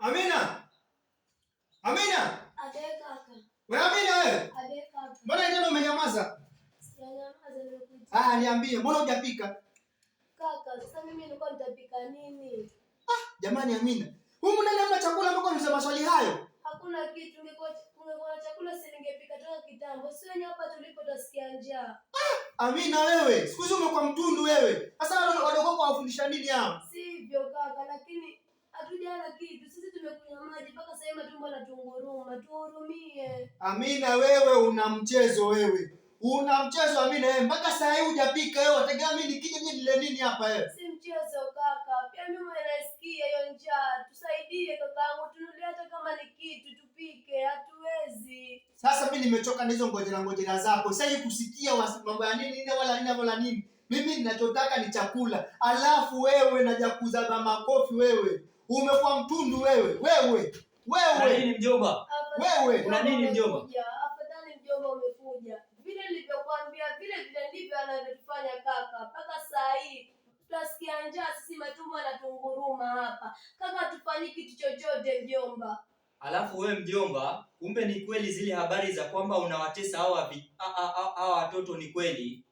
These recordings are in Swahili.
Amina. Amina. Wewe amina wewe? mbona ndio umenyamaza? Ah, niambie mbona hujapika? Kaka, sasa mimi nilikuwa nitapika nini? Ah, jamani Amina. Huyu ndani namna chakula mpaka uniulize maswali hayo. Hakuna kitu, ningekuwa chakula si ningepika toka kitambo. Sio wewe hapa tulipo tasikia njaa. Ah, Amina wewe, siku hizo umekuwa mtundu wewe. Sasa wadogo wako wafundisha nini hao? Sivyo kaka, lakini hatujana kitu tumekunywa maji mpaka sasa hivi tumbo latunguruma, tuhurumie. Amina, wewe una mchezo wewe. Una mchezo Amina, wewe mpaka saa hii hujapika wewe, wategea mimi nikija mimi nile nini hapa wewe? Si mchezo kaka. Pia mimi nasikia hiyo njaa. Tusaidie kakaangu, tunulie hata kama ni kitu tupike, hatuwezi. Sasa mimi nimechoka na hizo ngojera ngojera zako. Sasa kusikia mambo ya nini nini wala nini wala nini. Mimi ninachotaka ni chakula. Alafu wewe naja kuzaba makofi wewe. Umekuwa mtundu wewe, wewe, wewe. Nini mjomba? Wewe. Una nini mjomba? Afadhali mjomba umekuja. Vile nilivyokuambia vile vile ndivyo anavyofanya kaka. Mpaka saa hii tutasikia njaa sisi matumbo tunguruma hapa. Kaka tufanye kitu chochote mjomba. Alafu wewe mjomba, kumbe ni kweli zile habari za kwamba unawatesa hawa watoto ni kweli.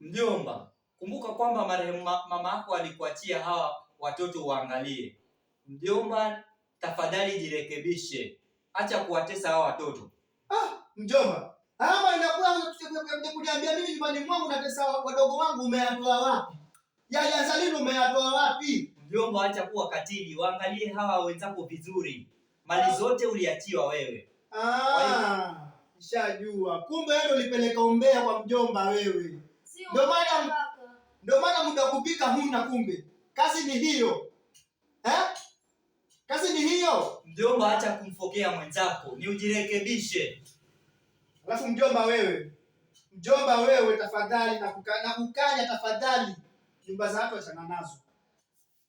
Mjomba, kumbuka kwamba marehemu mama yako alikuachia hawa watoto uangalie. Mjomba, tafadhali jirekebishe, acha kuwatesa hao watoto. Ah, mjomba, ama inakuwa kuniambia mimi nyumbani mwangu natesa wadogo wangu. Umeyatoa wapi? Yaya za lini umeyatoa wapi? Mjomba, acha kuwa katili, waangalie hawa wenzako vizuri. Mali ah. zote uliachiwa wewe. Ah, nishajua. Kumbe ndio ulipeleka umbea kwa mjomba wewe. Ndio maana ndio maana muda kupika huna, kumbe kazi ni hiyo sio? Mjomba, acha kumfokea mwenzako, ni ujirekebishe. Alafu mjomba wewe, mjomba wewe, tafadhali nakukanya, tafadhali nyumba za watu achana nazo,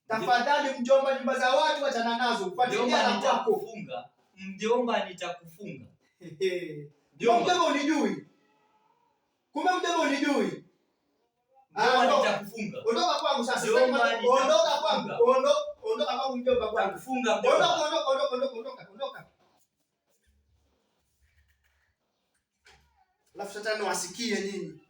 tafadhali mjomba, nyumba za watu achana nazo. Nitakufunga mjomba, nitakufunga mjomba. Unijui kumbe, mjomba unijui ah, Ondoka kwangu sasa. Ondoka kwangu. Ondoka kwangu kufunga mdomo. Ondoka, ondoka, Alafu shetani wasikie nyinyi.